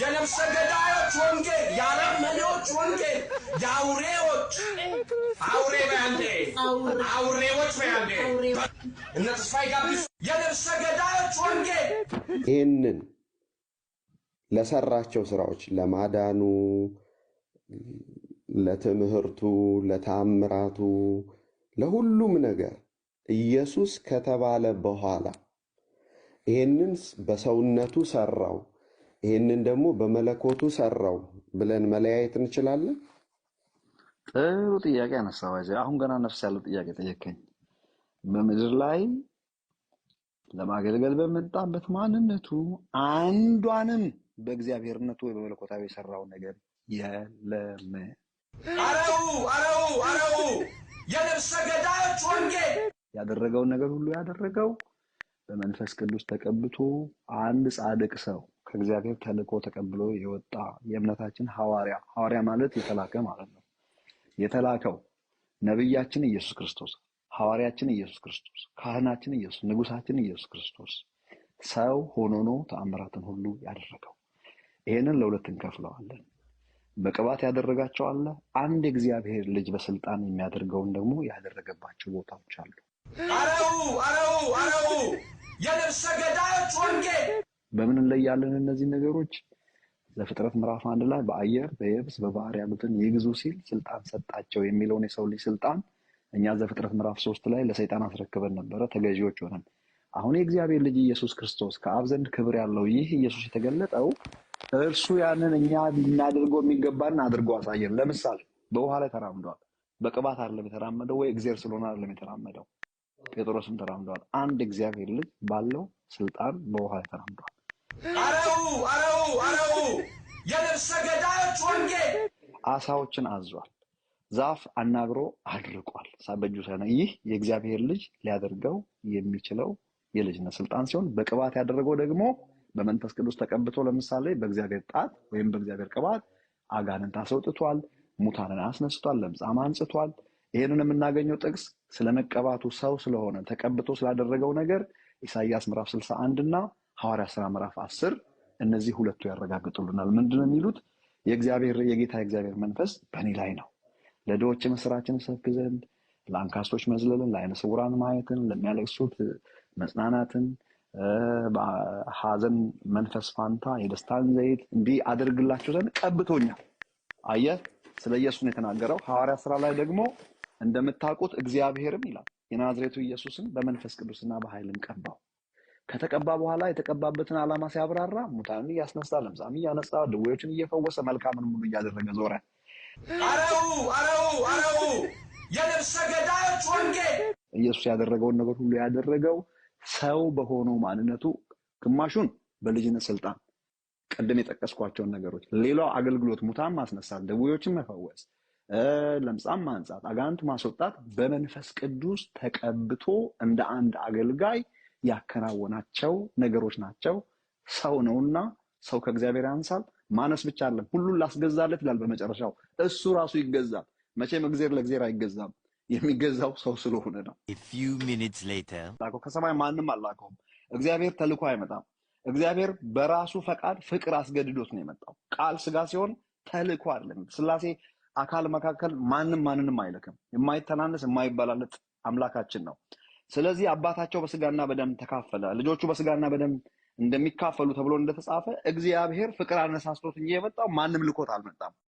የነፍሰ ገዳዮች ወንጌል፣ ወንጌል፣ የአውሬዎች አውሬ በያንዴ አውሬዎች በያንዴ እነ ተስፋዬ የነፍሰ ገዳዮች ወንጌል ይህንን ለሰራቸው ስራዎች ለማዳኑ፣ ለትምህርቱ፣ ለታምራቱ፣ ለሁሉም ነገር ኢየሱስ ከተባለ በኋላ ይህንን በሰውነቱ ሰራው ይህንን ደግሞ በመለኮቱ ሰራው ብለን መለያየት እንችላለን? ጥሩ ጥያቄ አነሳው። አሁን ገና ነፍስ ያለው ጥያቄ ጠየከኝ። በምድር ላይ ለማገልገል በመጣበት ማንነቱ አንዷንም በእግዚአብሔርነቱ ወይ በመለኮታዊ የሰራው ነገር የለም። አረው አረው አረው የነፍሰ ገዳዮች ወንጌል ያደረገውን ነገር ሁሉ ያደረገው በመንፈስ ቅዱስ ተቀብቶ አንድ ጻድቅ ሰው ከእግዚአብሔር ተልእኮ ተቀብሎ የወጣ የእምነታችን ሐዋርያ ሐዋርያ ማለት የተላከ ማለት ነው። የተላከው ነቢያችን ኢየሱስ ክርስቶስ፣ ሐዋርያችን ኢየሱስ ክርስቶስ፣ ካህናችን ኢየሱስ፣ ንጉሳችን ኢየሱስ ክርስቶስ ሰው ሆኖ ነው ተአምራትን ሁሉ ያደረገው። ይህንን ለሁለት እንከፍለዋለን። በቅባት ያደረጋቸው አለ። አንድ የእግዚአብሔር ልጅ በስልጣን የሚያደርገውን ደግሞ ያደረገባቸው ቦታዎች አሉ። የነፍሰ ገዳዮች ወንጌል በምን እንለያለን? እነዚህ ነገሮች ዘፍጥረት ምዕራፍ አንድ ላይ በአየር በየብስ በባህር ያሉትን ይግዙ ሲል ስልጣን ሰጣቸው የሚለውን የሰው ልጅ ስልጣን እኛ ዘፍጥረት ምዕራፍ ሶስት ላይ ለሰይጣን አስረክበን ነበረ፣ ተገዢዎች ሆነን። አሁን የእግዚአብሔር ልጅ ኢየሱስ ክርስቶስ ከአብ ዘንድ ክብር ያለው ይህ ኢየሱስ የተገለጠው እርሱ ያንን እኛ እናድርገው የሚገባን አድርጎ አሳየን። ለምሳሌ በውሃ ላይ ተራምዷል። በቅባት አይደለም የተራመደው ወይ እግዜር ስለሆነ አይደለም የተራመደው ጴጥሮስም ተራምዷል። አንድ እግዚአብሔር ልጅ ባለው ስልጣን በውሃ ላይ ተራምዷል። አረው አረው አረው የነፍሰ ገዳዮች ወንጌል አሳዎችን አዟል። ዛፍ አናግሮ አድርቋል። በእጁ ሳይሆን ይህ የእግዚአብሔር ልጅ ሊያደርገው የሚችለው የልጅነት ስልጣን ሲሆን በቅባት ያደረገው ደግሞ በመንፈስ ቅዱስ ተቀብቶ ለምሳሌ በእግዚአብሔር ጣት ወይም በእግዚአብሔር ቅባት አጋንንት አስወጥቷል፣ ሙታንን አስነስቷል፣ ለምጻም አንጽቷል፣ ይህንን የምናገኘው ጥቅስ ስለ መቀባቱ ሰው ስለሆነ ተቀብቶ ስላደረገው ነገር ኢሳያስ ምዕራፍ 61 እና ሐዋርያ ስራ ምዕራፍ 10 እነዚህ ሁለቱ ያረጋግጡልናል። ምንድን ነው የሚሉት? የእግዚአብሔር የጌታ የእግዚአብሔር መንፈስ በእኔ ላይ ነው፣ ለድሆች ምስራችን ሰብክ ዘንድ፣ ለአንካሶች መዝለልን፣ ለአይነ ስውራን ማየትን፣ ለሚያለቅሱት መጽናናትን፣ በሐዘን መንፈስ ፋንታ የደስታን ዘይት እንዲህ አደርግላቸው ዘንድ ቀብቶኛል። አየህ፣ ስለ ኢየሱስ ነው የተናገረው። ሐዋርያ ስራ ላይ ደግሞ እንደምታውቁት እግዚአብሔርም ይላል የናዝሬቱ ኢየሱስን በመንፈስ ቅዱስና በኃይልም ቀባው። ከተቀባ በኋላ የተቀባበትን ዓላማ ሲያብራራ ሙታንን እያስነሳ፣ ለምጻም እያነሳ፣ ድዌዎችን እየፈወሰ፣ መልካምን ሙሉ እያደረገ ዞረ። አረው አረው አረው የነፍሰ ገዳዮች ወንጌል ኢየሱስ ያደረገውን ነገር ሁሉ ያደረገው ሰው በሆነው ማንነቱ ግማሹን በልጅነት ስልጣን፣ ቅድም የጠቀስኳቸውን ነገሮች፣ ሌላው አገልግሎት፣ ሙታን ማስነሳት፣ ድዌዎችን መፈወስ ለምጻም ማንጻት፣ አጋንንት ማስወጣት በመንፈስ ቅዱስ ተቀብቶ እንደ አንድ አገልጋይ ያከናወናቸው ነገሮች ናቸው። ሰው ነውና ሰው ከእግዚአብሔር ያንሳል። ማነስ ብቻ አለን። ሁሉን ላስገዛለት ይላል በመጨረሻው እሱ ራሱ ይገዛል። መቼም እግዜር ለእግዜር አይገዛም። የሚገዛው ሰው ስለሆነ ነው። ከሰማይ ማንም አላከውም። እግዚአብሔር ተልኮ አይመጣም። እግዚአብሔር በራሱ ፈቃድ ፍቅር አስገድዶት ነው የመጣው። ቃል ስጋ ሲሆን ተልኮ አይደለም። ስላሴ አካል መካከል ማንም ማንንም አይልክም። የማይተናነስ የማይበላለጥ አምላካችን ነው። ስለዚህ አባታቸው በስጋና በደም ተካፈለ፣ ልጆቹ በስጋና በደም እንደሚካፈሉ ተብሎ እንደተጻፈ እግዚአብሔር ፍቅር አነሳስቶት እንጂ የመጣው ማንም ልኮት አልመጣም።